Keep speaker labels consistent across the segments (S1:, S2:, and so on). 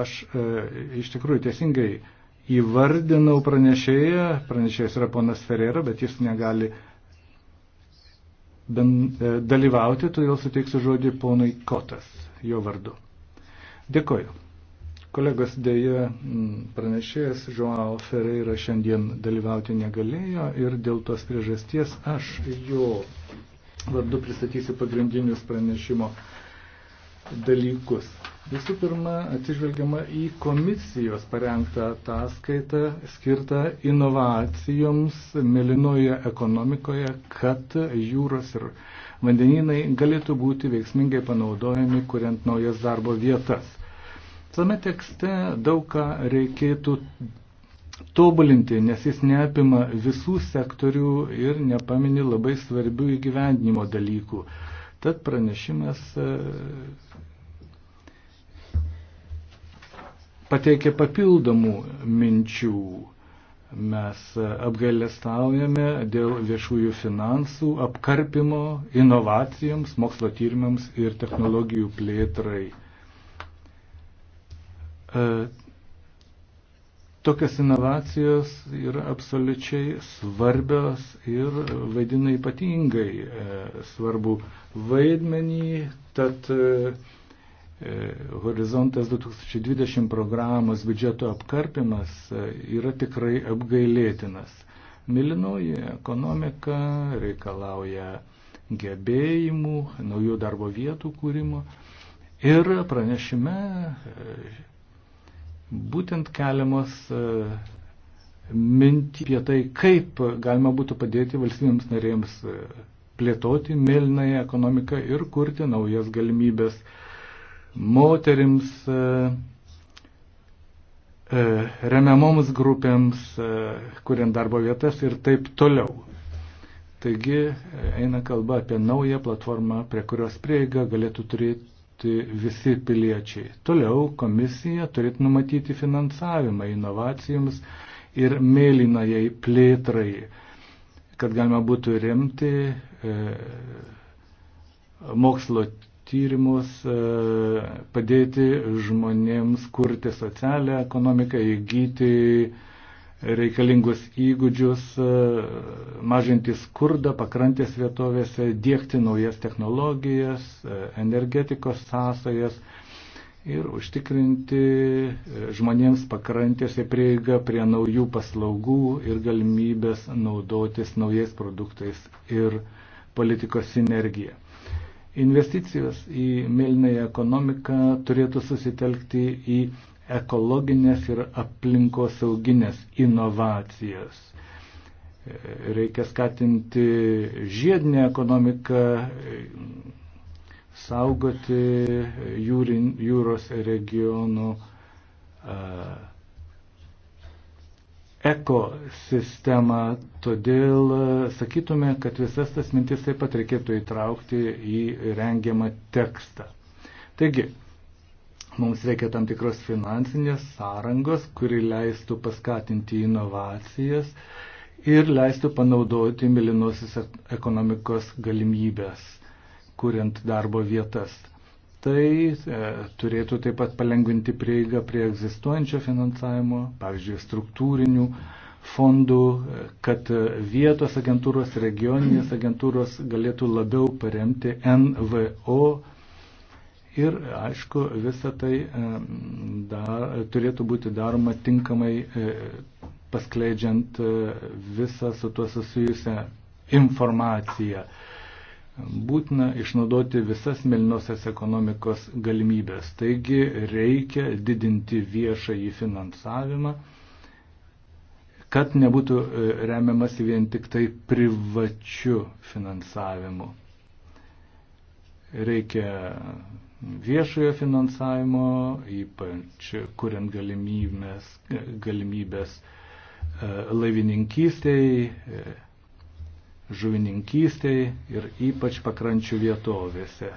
S1: Aš e, iš tikrųjų tiesingai įvardinau pranešėją, pranešėjas yra ponas Ferreira, bet jis negali ben, e, dalyvauti, todėl suteiksiu žodį ponui Kotas, jo vardu. Dėkoju. Kolegos dėja pranešėjas Joao Ferreira šiandien dalyvauti negalėjo ir dėl tos priežasties aš jo vardu pristatysiu pagrindinius pranešimo dalykus. Visų pirma, atsižvelgiama į komisijos parengtą ataskaitą skirtą inovacijoms melinoje ekonomikoje, kad jūros ir vandeninai galėtų būti veiksmingai panaudojami, kuriant naujas darbo vietas. Tame tekste daug ką reikėtų tobulinti, nes jis neapima visų sektorių ir nepamini labai svarbių įgyvendinimo dalykų. Tad pranešimas pateikė papildomų minčių. Mes apgailestaujame dėl viešųjų finansų, apkarpimo inovacijoms, mokslo tyrimams ir technologijų plėtrai. E, Tokias inovacijos yra absoliučiai svarbios ir vaidina ypatingai e, svarbu vaidmenį, tad e, E, horizontas 2020 programos biudžeto apkarpimas e, yra tikrai apgailėtinas. Milinoji ekonomika reikalauja gebėjimų, naujų darbo vietų kūrimo. Ir pranešime e, būtent keliamos mintį apie tai, kaip galima būtų padėti valstybėms narėms plėtoti mėlynąją ekonomiką ir kurti naujas galimybės moterims, e, e, remiamoms grupėms, e, kuriant darbo vietas ir taip toliau. Taigi eina kalba apie naują platformą, prie kurios prieiga galėtų turėti visi piliečiai. Toliau komisija turėtų numatyti finansavimą inovacijoms ir mėlynajai plėtrai, kad galima būtų remti e, mokslo tyrimus, e, padėti žmonėms kurti socialią ekonomiką, įgyti reikalingus įgūdžius, e, mažinti skurdą pakrantės vietovėse, dėkti naujas technologijas, e, energetikos sąsajas ir užtikrinti žmonėms pakrantėse prieigą prie naujų paslaugų ir galimybės naudotis naujais produktais ir politikos sinergija. Investicijos į mėlynąją ekonomiką turėtų susitelkti į ekologinės ir aplinkosauginės inovacijas. Reikia skatinti žiedinę ekonomiką, saugoti jūrin, jūros regionų uh, ekosistemą, todėl e, sakytume, kad visas tas mintis taip pat reikėtų įtraukti į rengiamą tekstą. Taigi, mums reikia tam tikros finansinės sąrangos, kuri leistų paskatinti inovacijas ir leistų panaudoti milinosios ekonomikos galimybės, kuriant darbo vietas. Tai e, turėtų taip pat palengvinti prieigą prie egzistuojančio finansavimo, pavyzdžiui, struktūrinių fondų, e, kad e, vietos agentūros, regioninės agentūros galėtų labiau paremti NVO ir, aišku, visa tai e, dar, turėtų būti daroma tinkamai paskleidžiant visą su tuo susijusią informaciją. Būtina išnaudoti visas melinosios ekonomikos galimybės. Taigi reikia didinti viešąjį finansavimą, kad nebūtų e, remiamas vien tik tai privačiu finansavimu. Reikia viešojo finansavimo, ypač kuriant galimybės, galimybės e, laivininkystėje žuvininkystėje ir ypač pakrančių vietovėse.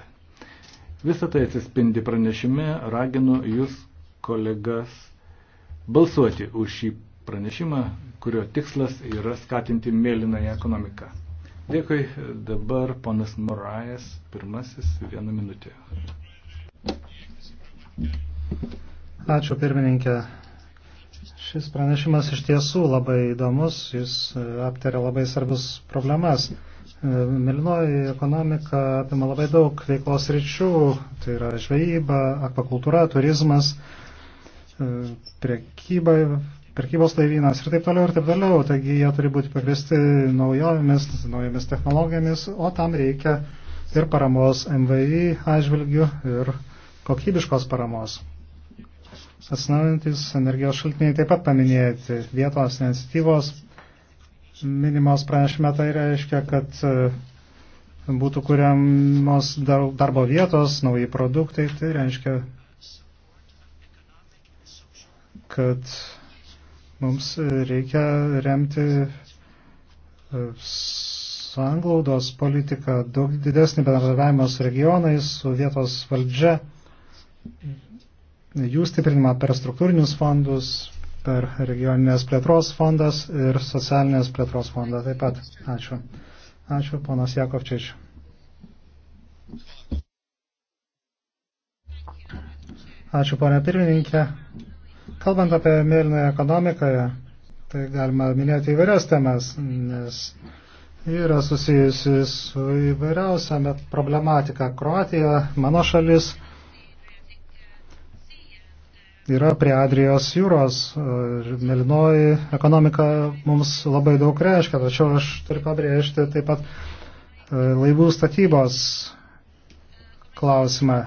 S1: Visą tai atsispindi pranešime, raginu jūs, kolegas, balsuoti už šį pranešimą, kurio tikslas yra skatinti mėlynąją ekonomiką. Dėkui, dabar ponas Morajas, pirmasis, vieną minutę.
S2: Ačiū pirmininkė. Šis pranešimas iš tiesų labai įdomus, jis e, aptarė labai svarbus problemas. E, Milinoji ekonomika apima labai daug veiklos ryčių, tai yra žvejyba, akvakultūra, turizmas, e, priekyba, prekybos laivynas ir taip toliau ir taip toliau. Taigi jie turi būti pagristi naujomis, naujomis technologijomis, o tam reikia ir paramos MVI atžvilgių ir kokybiškos paramos. Atsinaujantis energijos šaltiniai taip pat paminėti vietos iniciatyvos minimos pranešime tai reiškia, kad e, būtų kuriamos darbo vietos, nauji produktai, tai reiškia, kad mums reikia remti e, sanglaudos politiką, daug didesnį bendradarbiavimą su regionais, su vietos valdžia, jų stiprinimą per struktūrinius fondus, per regioninės plėtros fondas ir socialinės plėtros fondą taip pat. Ačiū. Ačiū, ponas Jakovčič. Ačiū, ponė pirmininkė. Kalbant apie mėlynąją ekonomiką, tai galima minėti įvairias temas, nes yra susijusi su įvairiausia problematika. Kroatija, mano šalis, yra prie Adrijos jūros. Melinoji ekonomika mums labai daug reiškia, tačiau aš turiu pabrėžti taip pat e, laivų statybos klausimą.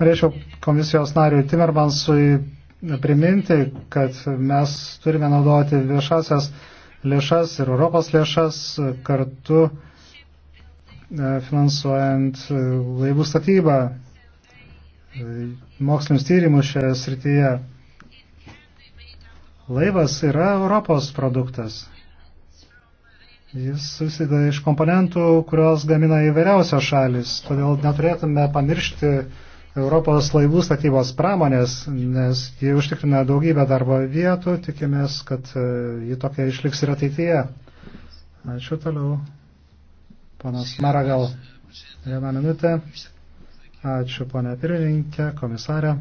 S2: Norėčiau komisijos nariui Timermansui priminti, kad mes turime naudoti viešasias lėšas ir Europos lėšas kartu e, finansuojant e, laivų statybą E, mokslinius tyrimus šioje srityje. Laivas yra Europos produktas. Jis susideda iš komponentų, kurios gamina įvairiausios šalis. Todėl neturėtume pamiršti Europos laivų statybos pramonės, nes jie užtikrina daugybę darbo vietų. Tikimės, kad e, ji tokia išliks ir ateityje. Ačiū toliau. Panas Maragal. Vieną minutę. Ačiū, ponė pirmininkė, komisarė.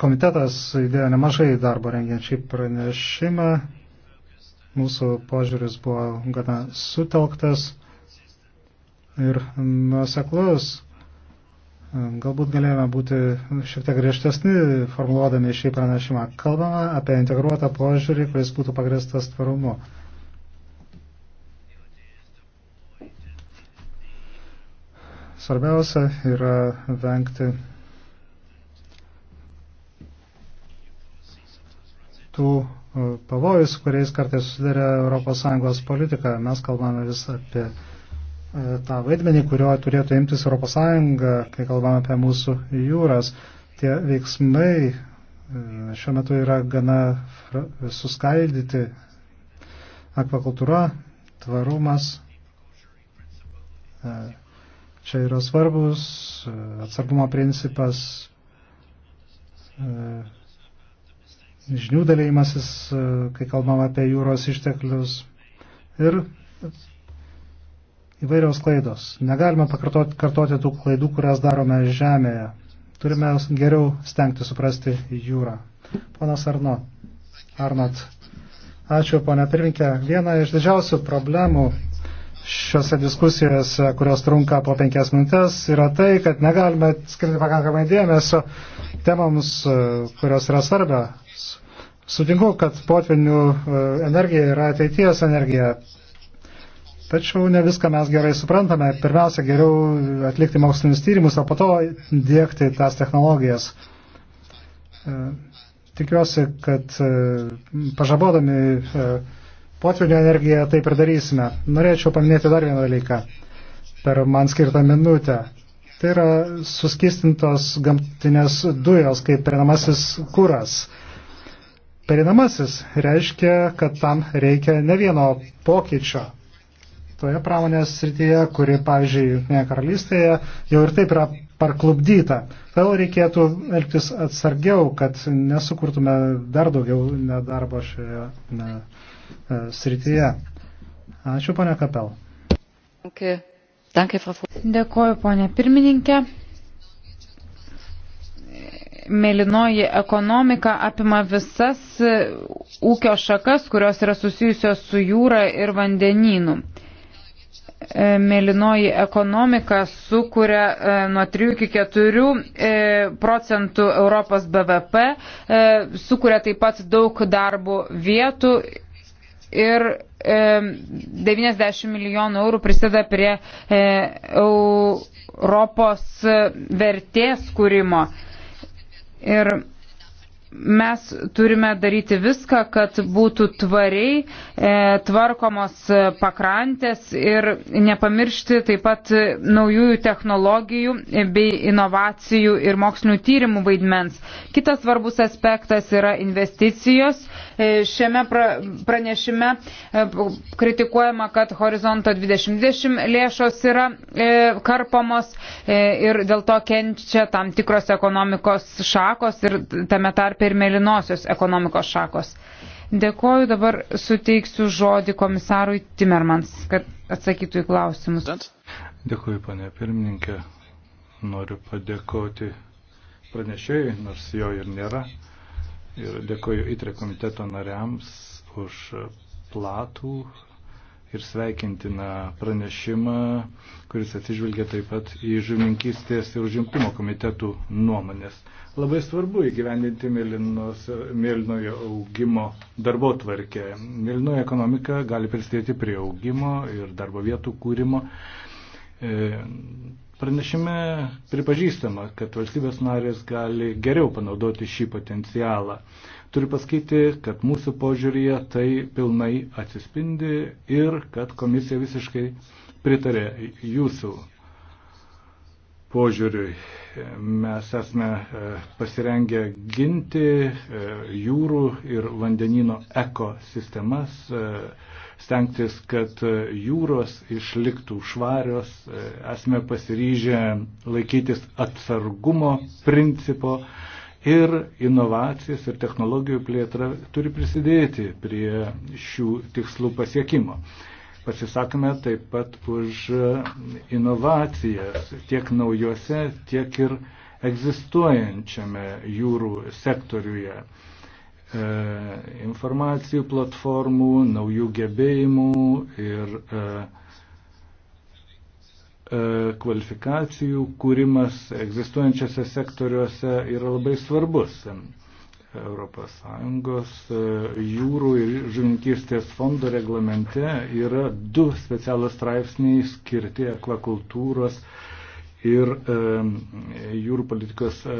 S2: Komitetas įdėjo nemažai darbo rengiant šį pranešimą. Mūsų požiūris buvo gana sutelktas ir nuoseklus. Galbūt galėjome būti šiek tiek griežtesni formuluodami šį pranešimą. Kalbame apie integruotą požiūrį, kuris būtų pagristas tvarumu. Svarbiausia yra vengti tų e, pavojų, su kuriais kartais susidarė ES politika. Mes kalbame vis apie e, tą vaidmenį, kurio turėtų imtis ES, kai kalbame apie mūsų jūras. Tie veiksmai e, šiuo metu yra gana suskaidyti. Akvakultūra, tvarumas, čia yra svarbus e, atsargumo principas, e, žinių dalėjimasis, e, kai kalbam apie jūros išteklius ir įvairios klaidos. Negalime pakartoti tų klaidų, kurias darome žemėje. Turime geriau stengti suprasti jūrą. Ponas Arno, Arnot, ačiū, ponia pirminkė. Viena iš didžiausių problemų šiuose diskusijose, kurios trunka po penkias minutės, yra tai, kad negalime skirti pakankamai dėmesio temams, e, kurios yra svarbia. Sutinku, kad potvinių e, energija yra ateities energija. Tačiau ne viską mes gerai suprantame. Pirmiausia, geriau atlikti mokslinius tyrimus, o po to dėkti tas technologijas. E, tikiuosi, kad pažabodami potvinio energiją taip ir darysime. Norėčiau paminėti dar vieną dalyką per man skirtą minutę. Tai yra suskistintos gamtinės dujos kaip perinamasis kuras. Perinamasis reiškia, kad tam reikia ne vieno pokyčio. Toje pramonės srityje, kuri, pavyzdžiui, Junktinėje karalystėje jau ir taip yra parklubdyta. Todėl reikėtų elgtis atsargiau, kad nesukurtume dar daugiau nedarbo šioje ne, E, srityje. Ačiū, ponia Kapel.
S3: Dėkuoju, ponia pirmininkė. Melinoji ekonomika apima visas ūkio šakas, kurios yra susijusios su jūra ir vandenynu e, mėlynoji ekonomika sukuria e, nuo 3 iki 4 procentų Europos BVP, sukuria taip pat daug darbo vietų ir 90 e, milijonų eurų prisideda prie e, Europos vertės kūrimo. Ir mes turime daryti viską, kad būtų tvariai e, tvarkomos pakrantės ir nepamiršti taip pat naujųjų technologijų bei inovacijų ir mokslinių tyrimų vaidmens. Kitas svarbus aspektas yra investicijos. E, šiame pra, pranešime e, kritikuojama, kad horizonto 2020 lėšos yra e, karpomos e, ir dėl to kenčia tam tikros ekonomikos šakos ir tame tarp per melinosios ekonomikos šakos. Dėkoju, dabar suteiksiu žodį komisarui Timermans, kad atsakytų į klausimus.
S1: Dėkoju, panė pirmininkė. Noriu padėkoti pranešėjai, nors jo ir nėra. Ir dėkoju įtre komiteto nariams už platų ir sveikintiną pranešimą, kuris atsižvelgia taip pat į žuvininkystės ir užimtumo komitetų nuomonės. Labai svarbu įgyvendinti mėlynojo augimo darbo tvarkę. Mėlynoja ekonomika gali prisidėti prie augimo ir darbo vietų kūrimo. E, pranešime pripažįstama, kad valstybės narės gali geriau panaudoti šį potencialą. Turiu pasakyti, kad mūsų požiūrėje tai pilnai atsispindi ir kad komisija visiškai pritarė jūsų požiūriui. Mes esame e, pasirengę ginti e, jūrų ir vandenino ekosistemas, e, stengtis, kad jūros išliktų švarios, esame pasiryžę laikytis atsargumo principo, ir inovacijas ir technologijų plėtra turi prisidėti prie šių tikslų pasiekimo. Pasisakome taip pat už inovacijas tiek naujuose, tiek ir egzistuojančiame jūrų sektoriuje. E, informacijų platformų, naujų gebėjimų ir e, E, kvalifikacijų kūrimas egzistuojančiose sektoriuose yra labai svarbus. ES e, jūrų ir žuvininkystės fondo reglamente yra du specialus straipsniai skirti akvakultūros ir e, jūrų politikos e,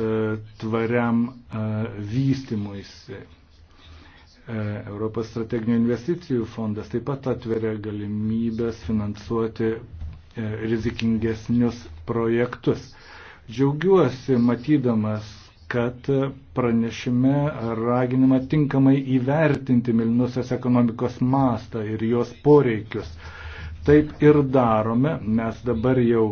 S1: tvariam e, vystimuisi. E, Europos strateginių investicijų fondas taip pat atveria galimybės finansuoti E, rizikingesnius projektus. Džiaugiuosi matydamas, kad pranešime raginama tinkamai įvertinti Milnusios ekonomikos mastą ir jos poreikius. Taip ir darome. Mes dabar jau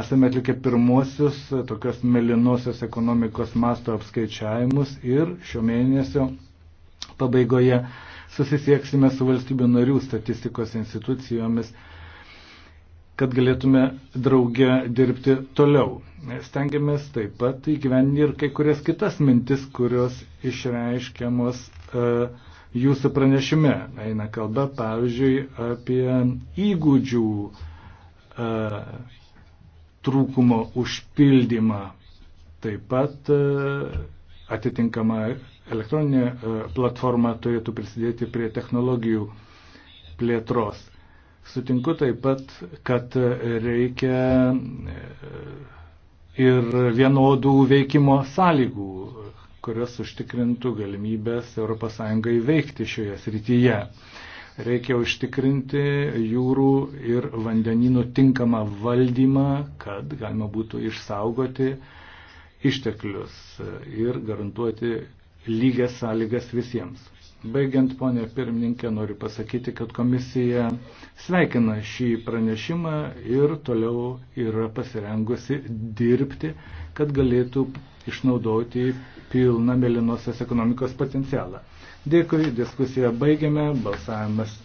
S1: esame atlikę pirmuosius tokios melinosios ekonomikos masto apskaičiavimus ir šio mėnesio pabaigoje susisieksime su valstybių narių statistikos institucijomis kad galėtume drauge dirbti toliau. Stengiamės taip pat įgyveninti ir kai kurias kitas mintis, kurios išreiškiamos uh, jūsų pranešime. Eina kalba, pavyzdžiui, apie įgūdžių uh, trūkumo užpildymą. Taip pat uh, atitinkama elektroninė platforma turėtų prisidėti prie technologijų plėtros. Sutinku taip pat, kad reikia e, ir vienodų veikimo sąlygų, kurios užtikrintų galimybės ES veikti šioje srityje. Reikia užtikrinti jūrų ir vandeninų tinkamą valdymą, kad galima būtų išsaugoti išteklius ir garantuoti lygias sąlygas visiems. Baigiant, ponė pirmininkė, noriu pasakyti, kad komisija sveikina šį pranešimą ir toliau yra pasirengusi dirbti, kad galėtų išnaudoti pilną melinosios ekonomikos potencialą. Dėkui, diskusiją baigiame, balsavimas